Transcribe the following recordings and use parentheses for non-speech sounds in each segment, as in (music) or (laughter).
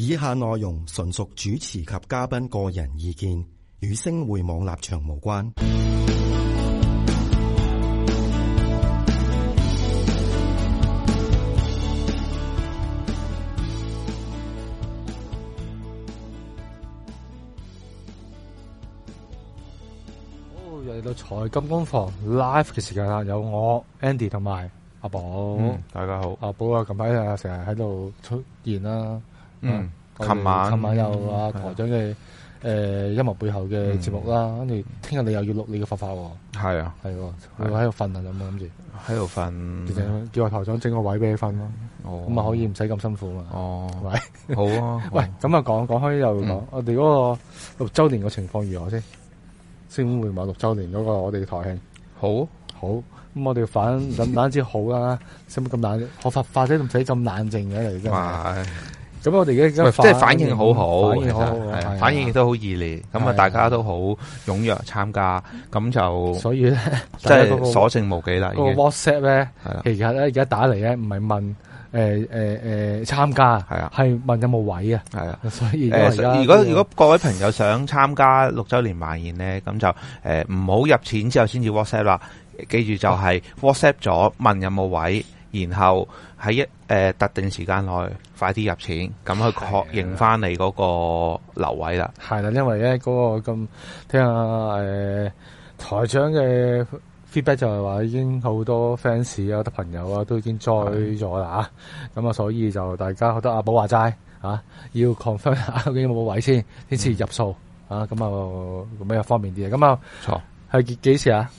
以下內容純屬主持及嘉賓個人意見，與星匯網立場無關。好，又嚟到財金工房 live 嘅時間啦，有我 Andy 同埋阿寶。嗯，大家好，阿寶啊，近排啊成日喺度出現啦。嗯，琴晚琴晚又阿台長嘅誒音樂背後嘅節目啦，跟住聽日你又要錄你嘅佛法喎，係啊係，我喺度瞓啊，有冇諗住，喺度瞓，叫阿台長整個位俾你瞓咯，咁啊可以唔使咁辛苦嘛，哦，喂，好啊，喂，咁啊講講開又講，我哋嗰個六周年嘅情況如何先？先會唔係六周年嗰個我哋台慶。好，好，咁我哋反諗諗一招好啦，使乜咁冷？學佛法都唔使咁冷靜嘅嚟，真咁我哋而家即係反應好好，反應好好，反應亦都好熱烈。咁啊，大家都好踴躍參加，咁就所以咧，即係所剩無幾啦。個 WhatsApp 咧，其實咧而家打嚟咧，唔係問誒誒誒參加，係問有冇位啊。係啊，所以如果如果各位朋友想參加六週年晚宴咧，咁就誒唔好入錢之後先至 WhatsApp 啦。記住就係 WhatsApp 咗問有冇位，然後。喺一誒、呃、特定時間內快啲入錢，咁去確認翻你嗰個樓位啦。係啦，因為咧、那、嗰個咁聽下誒、呃、台長嘅 feedback 就係話已經好多 fans 啊、好多朋友啊都已經在咗啦嚇。咁是的 啊，所以就大家覺得阿寶話齋啊，啊要 confirm 下究竟有冇位先，先至入數、嗯、啊。咁啊，咁又方便啲啊。咁啊，錯係幾時啊？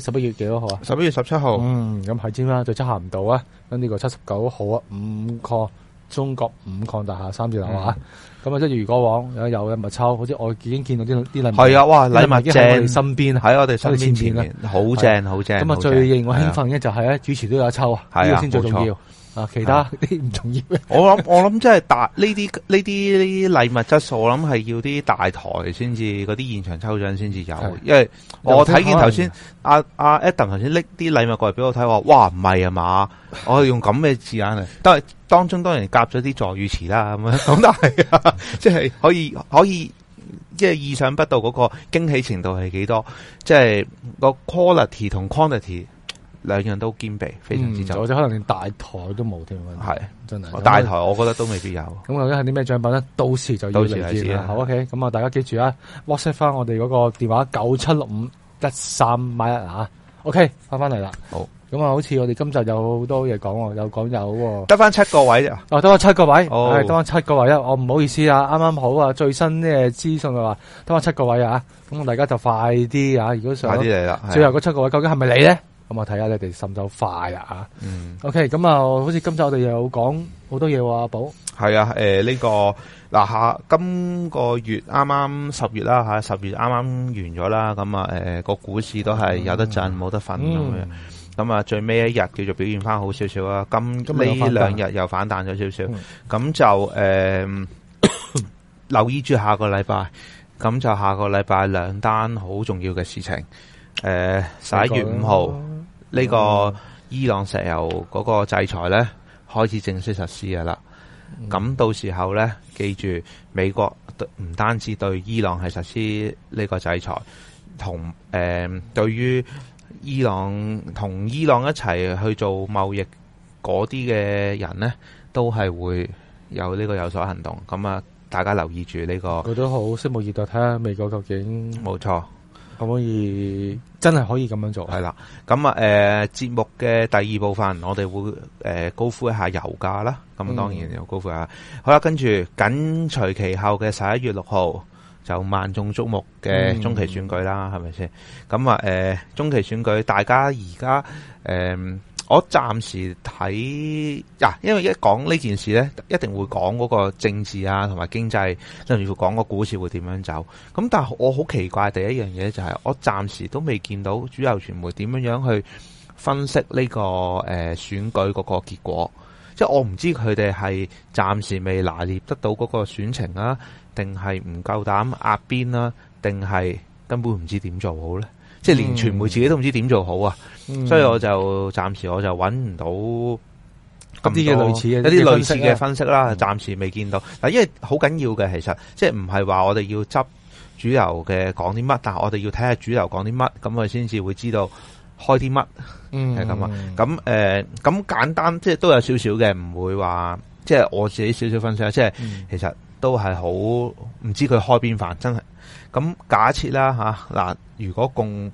十一月幾號啊？十一月十七號。嗯，咁係尖啦，就出行唔到啊！跟呢個七十九號啊，五礦中國五礦大廈三字樓啊，咁啊，即係如果往，有嘅物抽，好似我已經見到啲啲禮物。係啊，哇，禮物正，喺我哋身邊，喺我哋身邊嘅，好正，好正。咁啊，最令我興奮嘅就係咧，主持都有抽啊，呢個先最重要。啊！其他啲唔重要。我諗我諗，即係大呢啲呢啲禮物質素，我諗係要啲大台先至，嗰啲現場抽獎先至有。的因為我睇見頭先阿阿 Eden 頭先拎啲禮物過嚟俾我睇，話哇唔係啊嘛， (laughs) 我用咁嘅字眼嚟？都係當中當然夾咗啲助語詞啦。咁都係，即係可以可以，即係、就是、意想不到嗰個驚喜程度係幾多？即、就、係、是、個 quality 同 quantity。兩樣都兼備，非常之差。或者可能連大台都冇添，係真係大台，我覺得都未必有。咁究竟係啲咩獎品咧？到時就要嚟知啦。好，OK，咁啊，大家記住啊，WhatsApp 翻我哋嗰個電話九七六五一三八一啊。OK，翻翻嚟啦。好，咁啊，好似我哋今集有好多嘢講，有講有得翻七個位咋？哦，得翻七個位，係，得翻七個位啊。我唔好意思啊，啱啱好啊，最新嘅資訊話得翻七個位啊。咁大家就快啲啊！如果想快啲嚟啦，最後嗰七個位究竟係咪你咧？咁我睇下你哋滲走快啊！吓、嗯、OK，咁啊，好似今集我哋又講好多嘢喎，阿寶。係啊，誒、呃、呢、這個嗱下今個月啱啱十月啦吓，十月啱啱完咗啦，咁、嗯、啊，誒個股市都係有得震，冇得瞓咁、嗯、樣。咁啊，最尾一日叫做表現翻好少少啦，咁呢兩日又反彈咗少少，咁、嗯、就誒、呃、留意住下個禮拜，咁就下個禮拜兩單好重要嘅事情，誒十一月五號。呢個伊朗石油嗰個制裁咧，開始正式實施嘅啦。咁、嗯、到時候咧，記住美國唔單止對伊朗係實施呢個制裁，同誒、呃、對於伊朗同伊朗一齊去做貿易嗰啲嘅人咧，都係會有呢個有所行動。咁啊，大家留意住呢、這個。佢都好拭目以待，睇下美國究竟。冇錯。可唔可以真係可以咁樣做？係啦，咁啊，誒、呃，節目嘅第二部分，我哋會誒、呃、高呼一下油價啦。咁當當然要高呼下。嗯、好啦，跟住緊隨其後嘅十一月六號就萬眾矚目嘅中期選舉啦，係咪先？咁啊，誒、呃，中期選舉，大家而家誒。呃我暫時睇嗱，因為一講呢件事呢一定會講嗰個政治啊，同埋經濟，甚至乎講個股市會點樣走。咁但係我好奇怪第一樣嘢、就係，就係我暫時都未見到主流傳媒點樣樣去分析呢個選舉嗰個結果。即係我唔知佢哋係暫時未拿捏得到嗰個選情啊，定係唔夠膽壓邊啦，定係根本唔知點做好呢？即係連傳媒自己都唔知點做好啊，嗯、所以我就暫時我就揾唔到咁啲嘢，類似一啲類似嘅分析啦。暫、嗯、時未見到嗱，嗯、但因為好緊要嘅，其實即係唔係話我哋要執主流嘅講啲乜，但係我哋要睇下主流講啲乜，咁我先至會知道開啲乜，係咁啊。咁誒、咁、呃、簡單即係都有少少嘅，唔會話即係我自己少少分析啊，即係、嗯、其實。都係好唔知佢開邊飯，真係咁假設啦吓嗱，如果共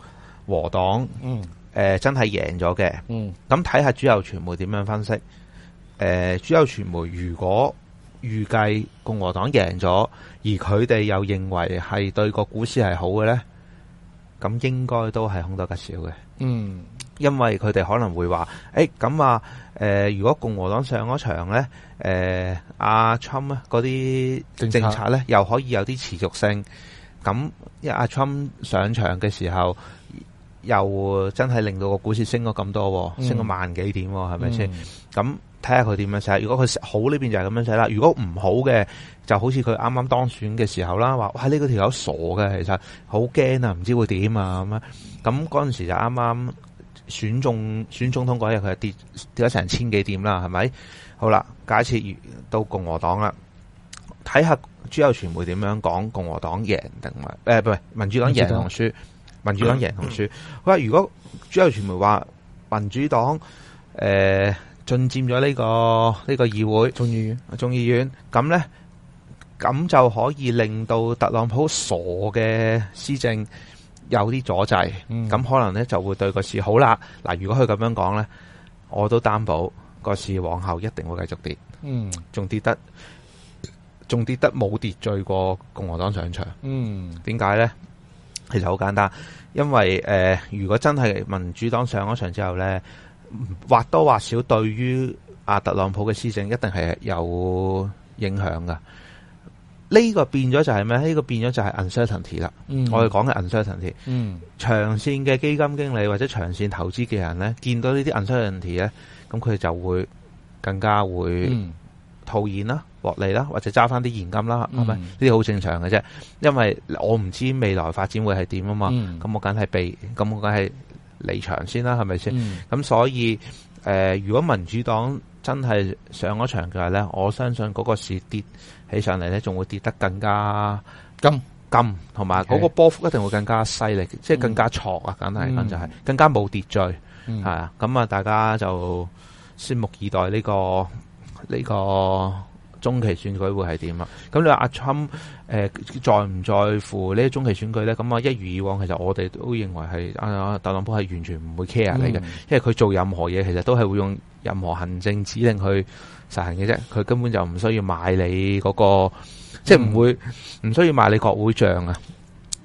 和黨誒、嗯呃、真係贏咗嘅，咁睇下主流傳媒點樣分析？誒、呃，主流傳媒如果預計共和黨贏咗，而佢哋又認為係對個股市係好嘅呢，咁應該都係凶多吉少嘅。嗯。因為佢哋可能會話，誒、哎，咁啊，誒、呃，如果共和黨上咗場咧，誒、呃，阿 Trump 嗰啲政策咧，策又可以有啲持續性。咁，因為阿 Trump 上場嘅時候，又真係令到個股市升咗咁多，嗯、升咗萬幾點、啊，係咪先？咁睇下佢點樣寫。如果佢好呢邊就係咁樣寫啦。如果唔好嘅，就好似佢啱啱當選嘅時候啦，話哇呢、個條友傻嘅，其實好驚啊，唔知會點啊，咁咁嗰陣時就啱啱。選中選總統嗰日佢係跌跌咗成千幾點啦，係咪？好啦，假設到共和黨啦，睇下主流傳媒點樣講共和黨贏定唔係？誒、呃，唔係民主黨贏同輸，民主黨贏同輸。如果主流傳媒話民主黨誒進佔咗呢個呢、呢個議會眾議院，眾議院咁咧，咁就可以令到特朗普傻嘅施政，有啲阻滯，咁可能呢就會對個市，嗯，好啦。嗱，如果佢咁樣講呢，我都擔保個市往後一定會繼續跌，嗯，仲跌得，仲跌得冇跌罪過共和黨上場，嗯，點解呢？其實好簡單，因為，呃，如果真係民主黨上咗場之後呢，或多或少對於阿特朗普嘅施政一定係有影響㗎。呢個變咗就係咩？呢、呢個變咗就係 uncertainty 啦。嗯、我哋講嘅 uncertainty，、嗯、長線嘅基金經理或者長線投資嘅人咧，見到呢啲 uncertainty 咧，咁佢就會更加會套現啦、嗯、獲利啦，或者揸翻啲現金啦，係咪？呢啲好正常嘅啫。因為我唔知未來發展會係點啊嘛，咁、嗯、我梗係避，咁我梗係離場先啦，係咪先？咁、嗯、所以誒、呃，如果民主黨，真係上咗場嘅話咧，我相信嗰個市跌起上嚟咧，仲會跌得更加金金，同埋嗰個波幅一定會更加犀利，嗯、即係更加挫啊！簡單嚟講就係更加冇秩序，係啊、嗯！咁啊，大家就拭目以待呢個呢個。這個中期選舉會係點啊？咁你話阿參在唔在乎呢？中期選舉咧？咁啊，一如以往，其實我哋都認為係啊，特朗普係完全唔會 care 你嘅，嗯、因為佢做任何嘢，其實都係會用任何行政指令去實行嘅啫，佢根本就唔需要買你嗰、嗰個，嗯、即係唔會唔需要買你國會帳啊。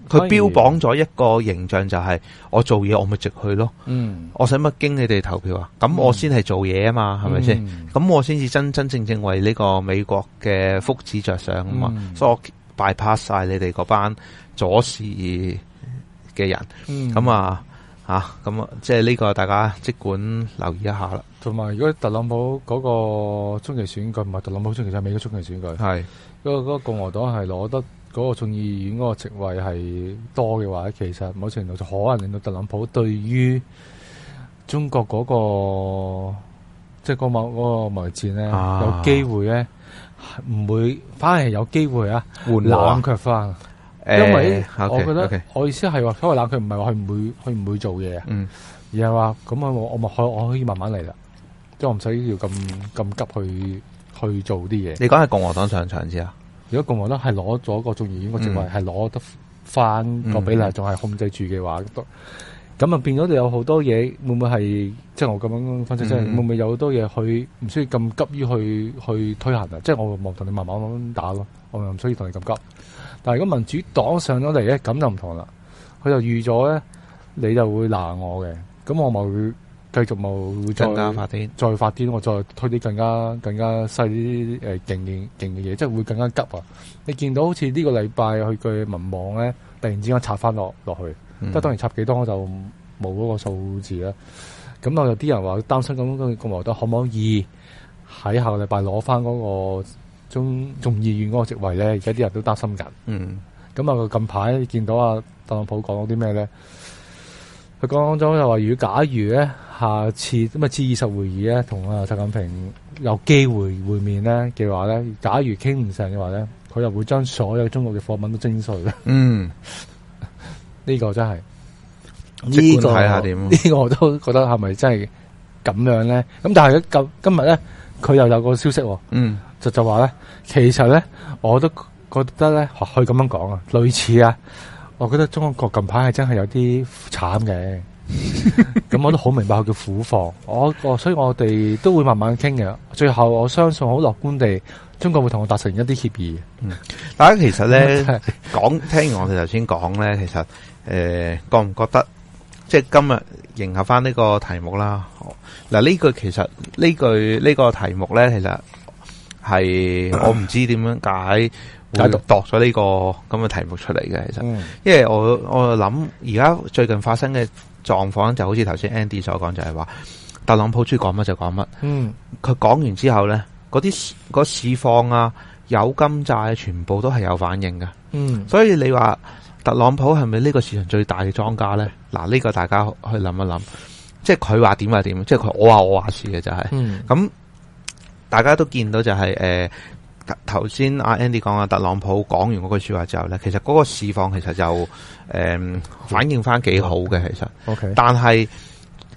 佢標榜咗一個形象就係我做嘢我咪直去咯，嗯、我使乜經你哋投票啊？咁我先係做嘢啊嘛，係咪先？咁我先至真真正正為呢個美國嘅福祉着想啊嘛，嗯、所以我 bypass 曬你哋嗰班左視嘅人，咁啊嚇，咁、嗯、啊，啊即係呢個大家即管留意一下啦。同埋如果特朗普嗰個中期選舉唔係特朗普中期選舉，係美國中期選舉，係嗰個嗰個共和黨係攞得。嗰個眾議院嗰個席位係多嘅話，其實某程度就可能令到特朗普對於中國嗰、嗰個即係嗰某嗰個貿易戰咧，那個呢啊、有機會咧唔會，反而係有機會啊緩冷卻翻。卻欸、因為我覺得 okay, okay. 我意思係話，所謂冷卻唔係話佢唔會佢唔會做嘢，嗯而，而係話咁佢我我可我可以慢慢嚟啦，即係我唔使要咁咁急去去做啲嘢。你講係共和黨上場先啊？如果共和黨係攞咗個眾議院個席位，係攞、嗯、得翻個比例，仲係控制住嘅話，咁咁、嗯、哼變咗你有好多嘢，會唔會係即係我咁樣分析、就係，即係、嗯、哼會唔會有好多嘢去唔需要咁急於去去推行啊？即係、嗯、哼我望同你慢慢咁打咯，我唔需要同你咁急。但係如果民主黨上咗嚟咧，咁就唔同啦，佢就預咗咧，你就會鬧我嘅，咁我咪會，繼續冇再，再發癲，再發癲我再推啲更加更加細啲誒勁嘅勁嘅嘢，即係會更加急啊！你見到好似呢個禮拜佢嘅民望咧，突然之間插翻落落去，即係當然插幾多我就冇嗰個數字啦。咁我、嗯、有啲人話擔心咁，共和黨可唔可以喺下個禮拜攞翻嗰個中眾議院嗰個席位咧？而家啲人都擔心緊。嗯，咁啊，近排見到阿特朗普講啲咩咧？佢講咗就話：如果假如咧，下次咁啊，次二十會議咧，同阿習近平有機會會面咧嘅話咧，假如傾唔成嘅話咧，佢就會將所有中國嘅貨品都徵稅啦，嗯，呢個真係，呢個呢個我都覺得係咪真係咁樣咧？咁但係今今日咧，佢又有個消息，嗯，就就話咧，其實咧，我都覺得咧，可以咁樣講啊，類似啊。我覺得中國近排係真係有啲慘嘅，咁 (laughs) 我都好明白佢叫苦況。我,我所以我哋都會慢慢傾嘅。最後我相信我好樂觀地，中國會同我達成一啲協議。嗯，大家其實咧，講 (laughs) 聽完我哋頭先講咧，其實誒、呃，覺唔覺得即係今日迎合翻呢個題目啦？嗱、啊，呢句其實呢句呢、這個題目咧，其實係我唔知點樣解。佢係度度咗呢個咁嘅題目出嚟嘅，其實，嗯、因為我我諗而家最近發生嘅狀況，就好似頭先 Andy 所講，就係、是、話特朗普中意講乜就講乜，嗯，佢講完之後咧，嗰啲嗰市況啊、有金債全部都係有反應嘅，嗯，所以你話特朗普係咪呢個市場最大嘅莊家咧？嗱，呢、這個大家去諗一諗，即係佢話點就點，即係佢我話我話事嘅就係、是，咁、嗯嗯、大家都見到就係、是、誒。呃頭先阿 Andy 講阿特朗普講完嗰句說話之後咧，其實嗰個釋放其實就誒、嗯、反應翻幾好嘅，其實。O Okay . K，但係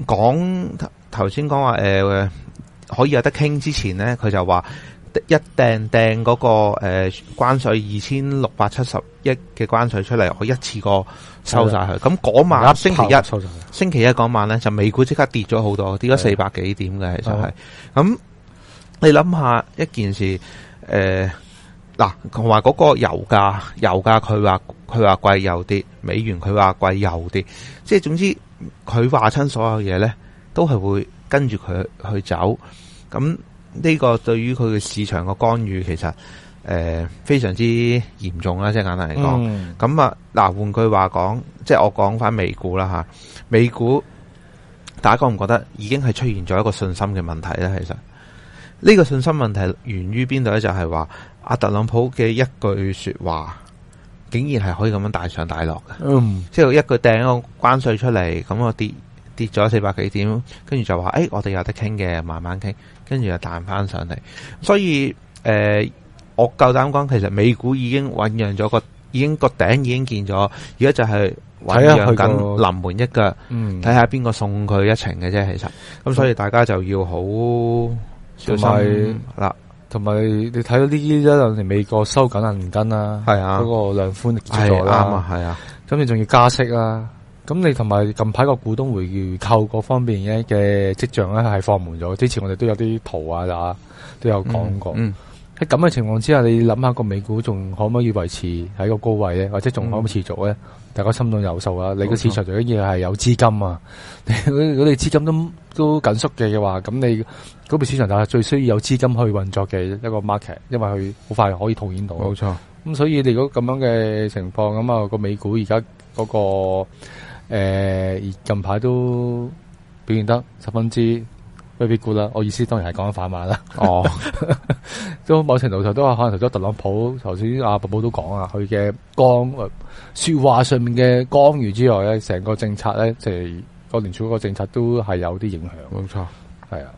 講頭先講話誒可以有得傾之前咧，佢就話一掟掟嗰個誒、呃、關稅二千六百七十億嘅關稅出嚟，我一次過收晒佢。咁嗰晚星期一，星期一嗰晚咧就美股即刻跌咗好多，的跌咗四百幾點嘅，其實係。咁、嗯、你諗下一件事。誒，嗱、呃，同埋嗰個油價，油價佢話佢話貴又啲，美元佢話貴又啲，即、就、係、是、總之佢話親所有嘢咧，都係會跟住佢去走。咁呢個對於佢嘅市場嘅干預，其實誒、呃、非常之嚴重啦。即係簡單嚟講，咁啊，嗱，換句話講，即係我講翻美股啦吓，美股，大家覺唔覺得已經係出現咗一個信心嘅問題咧？其實。呢個信心問題源於邊度咧？就係話阿特朗普嘅一句說話，竟然係可以咁樣大上大落嘅。嗯，即係一個掟個關稅出嚟，咁我跌跌咗四百幾點，跟住就話誒、哎，我哋有得傾嘅，慢慢傾，跟住就彈翻上嚟。所以誒、呃，我夠膽講，其實美股已經醞釀咗個，已經個頂已經見咗，而家就係醞釀緊臨門一腳。睇下邊個送佢一程嘅啫。其實咁，嗯、所以大家就要好。嗯同埋，同埋、嗯嗯、你睇到呢一兩年美國收緊銀根啦，係啊，嗰個量寬協助啦，係啊，咁你仲要加息啦，咁你同埋近排個股東回購嗰方面嘅嘅跡象咧係放滿咗，之前我哋都有啲圖啊，吓都有講過，喺咁嘅情況之下，你諗下個美股仲可唔可以維持喺個高位咧，或者仲可唔持續咧？嗯大家心中有數啊。你個市場最緊要係有資金啊錯！如果你資金都都緊縮嘅話，咁你嗰邊市場就係最需要有資金去運作嘅一個 market，因為佢好快可以套現到。冇錯、嗯，咁錯所以你如果咁樣嘅情況，咁啊個美股而家嗰個誒、呃、近排都表現得十分之。未必估啦，我意思當然係講反話啦。哦，都 (laughs) 某程度上都係可能，除咗特朗普頭先阿寶寶都講啊，佢嘅光說話上面嘅干預之外咧，成個政策咧，即係個聯儲個政策都係有啲影響。冇錯，係啊。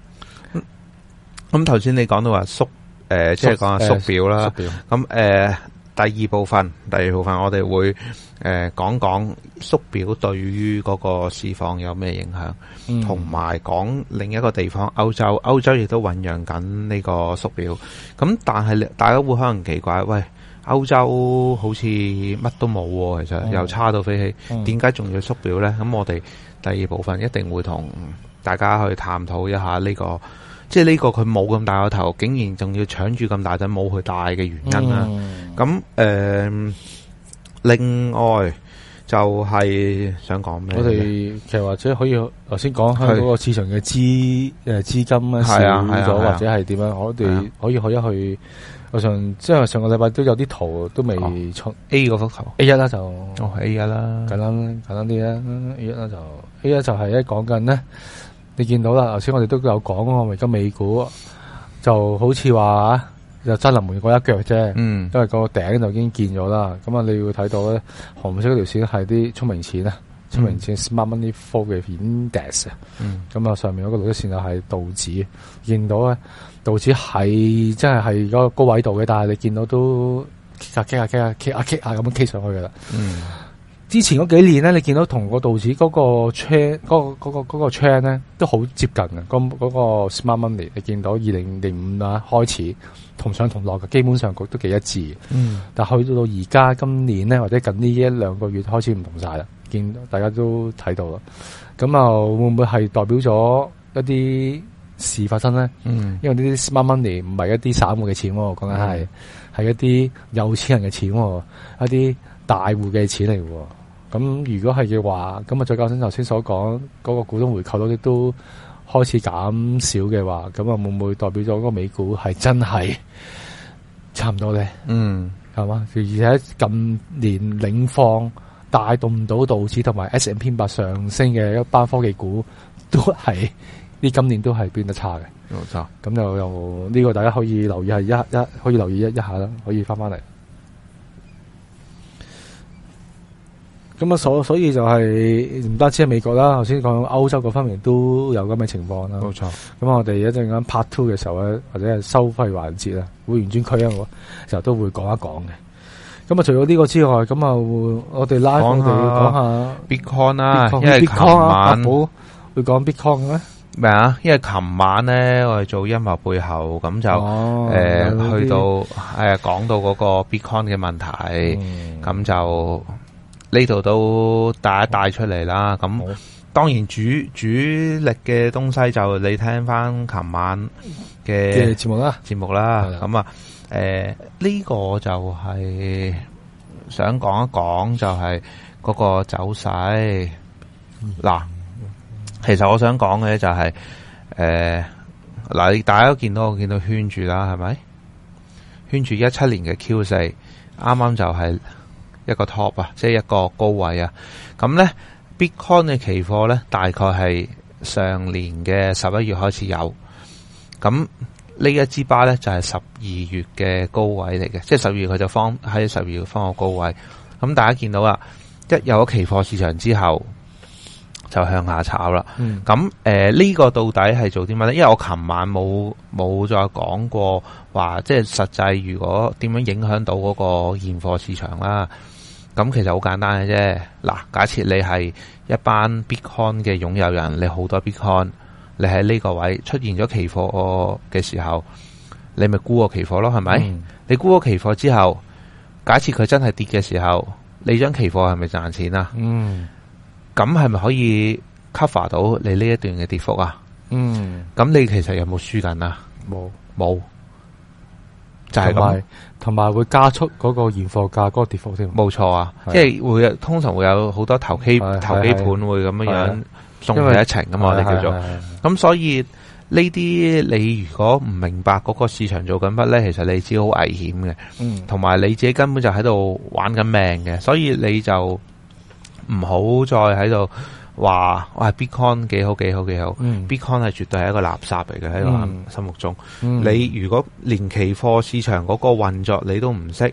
咁頭先你講到話縮，誒、呃，即係講下縮表啦。表。咁誒、呃。第二部分，第二部分我們，我哋會誒講講縮表對於嗰個市況有咩影響，同埋講另一個地方歐洲，歐洲亦都醞釀緊呢個縮表。咁但係大家會可能奇怪，喂，歐洲好似乜都冇，其實又差到飛起，點解仲要縮表呢？咁我哋第二部分一定會同大家去探討一下呢、呢個，即係呢個佢冇咁大個頭，竟然仲要搶住咁大膽冇去大嘅原因啊。嗯咁誒、呃，另外就係想講咩？我哋其實或者可以頭先講香港個市場嘅資誒資金咧少咗，啊啊啊啊啊、或者係點樣？我哋可以可以去，一去，我想即係上個禮拜都有啲圖都未出、哦、A 嗰幅圖 A 一啦就哦 A 一啦簡，簡單簡單啲啦。A 一啦就 A 一就係一講緊咧，你見到啦，頭先我哋都有講啊，咪個美股就好似話就爭臨門嗰一腳啫，嗯、因為個頂就已經見咗啦。咁啊，你要睇到咧，紅色嗰條線係啲聰明錢啊，聰明錢 Smart Money 嘅 indices 啊、嗯。咁啊，上面嗰個綠色線就係道指，見到咧，道指係真係係嗰個高位度嘅，但係你見到都踢啊踢啊踢啊踢啊踢啊咁踢、啊、上去噶啦。嗯。之前嗰幾年咧，你見到同個道指嗰個 c h a i 嗰個嗰、那個嗰個 chain 咧，都好接近嘅。嗰、那個個 smart money，你見到二零零五啊開始同上同落嘅，基本上都幾一致。嗯但。但去到到而家今年咧，或者近呢一兩個月開始唔同晒啦，見到大家都睇到啦。咁啊，會唔會係代表咗一啲事發生咧？嗯。因為呢啲 smart money 唔係一啲散戶嘅錢，我講緊係係一啲有錢人嘅錢，一啲。大戶嘅錢嚟嘅，咁如果係嘅話，咁啊再加上頭先所講嗰、嗰個股東回購啲都開始減少嘅話，咁啊會唔會代表咗嗰個美股係真係差唔多咧？嗯，係嘛，而且近年領放帶動到道指同埋 S&P 八上升嘅一班科技股都是，都係呢今年都係變得差嘅，差咁、嗯嗯、就又呢、這個大家可以留意係一下一,一可以留意一一下啦，可以翻翻嚟。咁啊，所所以就係唔單止係美國啦，頭先講歐洲嗰方面都有咁嘅情況啦。冇錯錯。咁我哋一陣間 part two 嘅時候咧，或者係收費環節啊，會員專區啊，我就都會講一講嘅。咁啊，除咗呢個之外，咁啊，我哋拉我哋講下 bitcoin 啦，因為琴晚會講 bitcoin 嘅咩啊？因為琴晚咧，我哋做音樂背後咁就誒去到誒講到嗰個 bitcoin 嘅問題，咁、嗯、就。呢度都帶一帶出嚟啦，咁好當然主主力嘅東西就你聽翻琴晚嘅節目啦，節目啦，咁啊的，誒呢、呃這個就係、是、想講一講就係嗰個走勢。嗱、嗯，其實我想講嘅就係誒嗱，大家都見到我見到圈住啦，係咪圈住一七年嘅 Q 四，啱啱就係、是。一個 top 啊，即係一個高位啊。咁呢 Bitcoin 嘅期貨呢，大概係上年嘅十一月開始有。咁呢一支巴呢，就係十二月嘅高位嚟嘅，即係十二月佢就放喺十二月放個高位。咁大家見到啦，一有咗期貨市場之後，就向下炒啦。咁誒、嗯，呢、呃呢個到底係做啲乜呢？因為我琴晚冇冇再講過話，即係實際如果點樣影響到嗰個現貨市場啦。咁其實好簡單嘅啫。嗱，假設你係一班 Bitcoin 嘅擁有人，你好多 Bitcoin，你喺呢個位出現咗期貨嘅時候，你咪沽個期貨咯，係咪？嗯、你沽個期貨之後，假設佢真係跌嘅時候，你張期貨係咪賺錢啊？嗯。咁係咪可以 cover 到你呢一段嘅跌幅啊？嗯。咁你其實有冇輸緊啊？冇冇。就係同埋會加速嗰個現貨價嗰個跌幅先。冇錯啊，即係的會通常會有好多投機的投機盤會咁樣樣送佢的一程㗎嘛，就為叫做。咁的所以呢啲你如果唔明白嗰個市場做緊乜咧，其實你知好危險嘅。同埋的你自己根本就喺度玩緊命嘅，所以你就唔好再喺度。話我係 Bitcoin 幾好幾好幾好、嗯、，Bitcoin 係絕對係一個垃圾嚟嘅喺我心目中。嗯嗯、你如果連期貨市場嗰個運作你都唔識，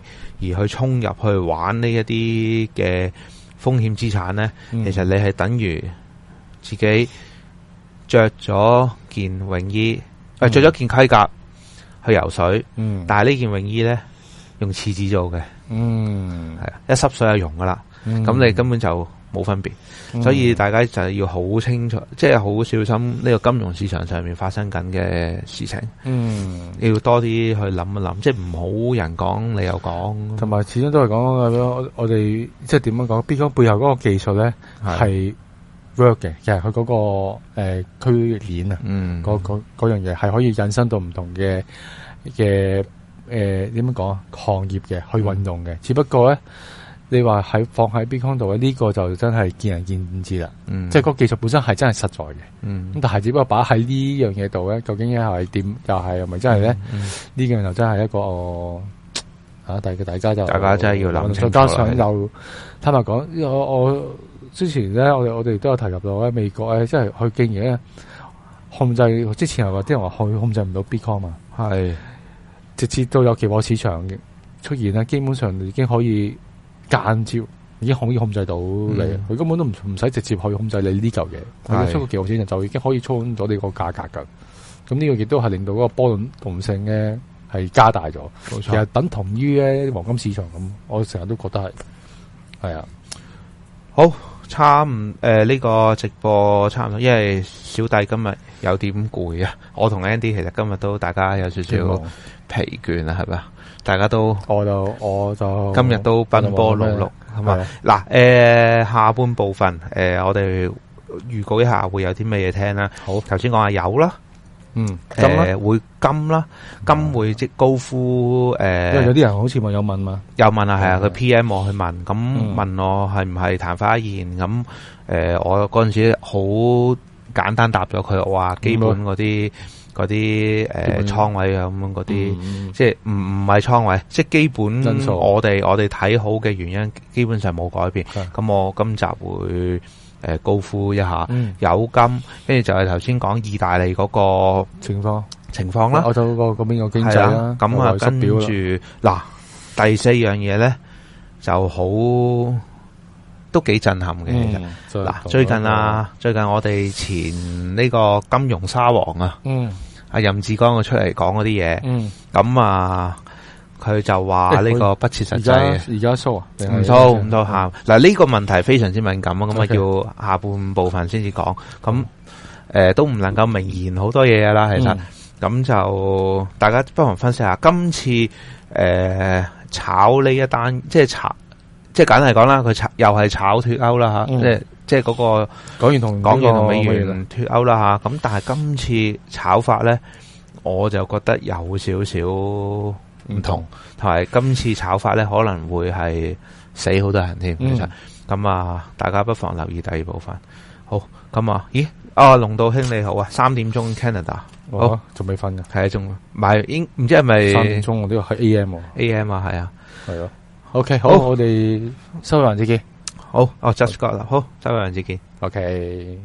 而去沖入去玩呢一啲嘅風險資產咧，嗯、其實你係等於自己着咗件泳衣，誒着咗件盔甲去游水。嗯、但係呢件泳衣咧用廁紙做嘅，係、嗯、一濕水就溶噶啦。咁、嗯、你根本就冇分別，所以大家就要好清楚，嗯、即係好小心呢個金融市場上面發生緊嘅事情。嗯，要多啲去諗一諗，即係唔好人講，你又講。同埋，始終都係講我哋即係點樣講？邊個背後嗰個技術咧係 work 嘅，其實佢嗰個、呃、區鏈啊，嗯，嗰嗰樣嘢係可以引申到唔同嘅嘅、呃、點樣講啊行業嘅去運用嘅，只不過咧。你話喺放喺 Bitcoin 度咧，呢、呢個就真係見仁見智啦。嗯、即係個技術本身係真係實在嘅、嗯嗯。嗯，咁但係只不過擺喺呢樣嘢度咧，究竟係係點？又係咪真係咧？呢樣就真係一個嚇、哦，大家就大家真係要諗。再加上又，的坦白講，我我之前咧，我我哋都有提及到咧，美國咧，即係去經營咧，控制之前係話啲人話佢控制唔到 Bitcoin 嘛，係的直至都有期貨市場嘅出現啦，基本上已經可以。間接已經可以控制到你，佢、嗯、根本都唔唔使直接可以控制你呢嚿嘢，佢、嗯、出個幾毫錢就就已經可以衝咗你價的個價格噶。咁呢個亦都係令到嗰個波動，動性咧係加大咗，錯其實等同於咧黃金市場咁，我成日都覺得係係啊。好，差唔誒，呢、呃這個直播差唔多，因為小弟今日有點攰啊。我同 Andy 其實今日都大家有少少疲倦啊，係咪啊？大家都，我就我就今日都奔波碌碌，碌，碌，碌，碌，碌，碌，係嘛？嗱，誒，下半部分，誒、呃，我哋預告一下會有啲咩嘢聽啦。好，頭先講下有啦，嗯，金啦呢、呃，會金啦，金會即高呼。誒、呃，因為有啲人好似話有問嘛，有問啊，係啊，佢 P M 我去問，咁問我係唔係曇花一現，咁誒、嗯呃，我嗰陣時好簡單答咗佢，我話基本嗰啲。嗯那嗰啲誒，倉位、呃咁樣，嗰啲、嗯嗯、即係唔唔係倉位，即係基本我哋數我哋睇好嘅原因，基本上冇改變。咁的我今集會誒高呼一下，有金、嗯，跟住就係頭先講意大利嗰個情況情況況啦、嗯。我、嗯、就嗰個嗰邊個經濟啦，咁啊跟住嗱第四樣嘢咧就好。都幾震撼嘅嗱最近啊，最近我哋前呢個金融沙皇啊，阿任志剛佢出嚟講嗰啲嘢，咁啊佢就話呢個不切實際，而家 show 啊，唔 show 唔 show 喊，嗱呢個問題非常之敏感啊，咁啊要下半部分先至講，咁誒都唔能夠明言好多嘢啦，其實，咁就大家不妨分析下，今次誒炒呢一單即係炒。即係簡單嚟講啦，佢炒又係炒脫歐啦吓，即係即係嗰個港元同港元同美元脫歐啦吓。咁的但係今次炒法咧，我就覺得有少少唔同，同埋、嗯、今次炒法咧可能會係死好多人添。咁啊、嗯，大家不妨留意第二部分。好，咁啊，咦，啊龍道兄你好啊，三點鐘 Canada，好仲未瞓嘅？係仲買應唔知係咪三點鐘我都要係 AM，AM 啊，係啊，係咯、啊。O K，好，我哋收拾完再見，好，我 Just got 啦，好，收拾完再見，O K。